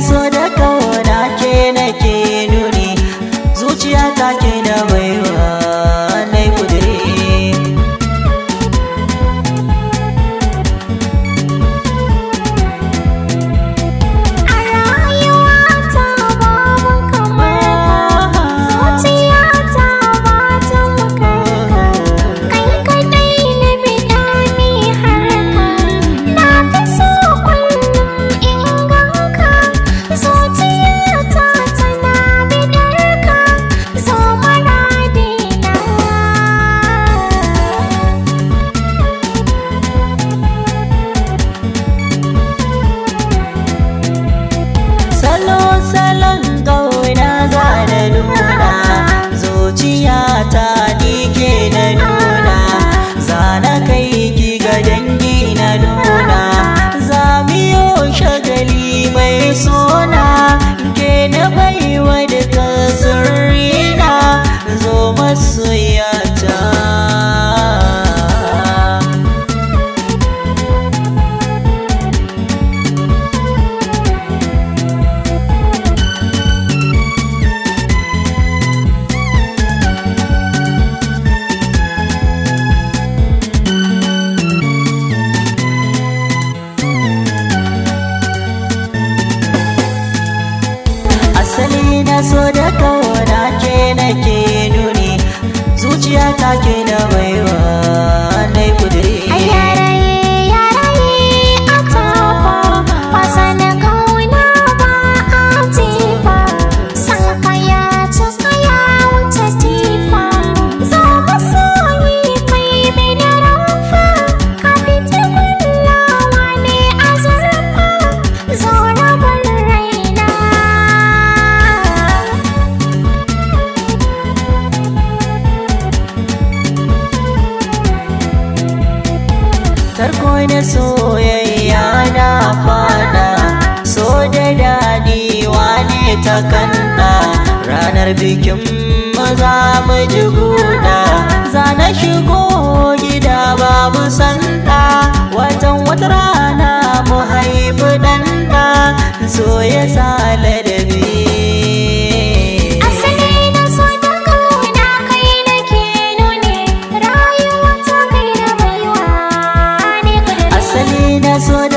rồi đã kawai so da kauna ke nake nuni zuciya ta ke da mai wani soyayya na fada so da daɗi wani ta kanna ranar bikin maza mu ji guda zana shigo so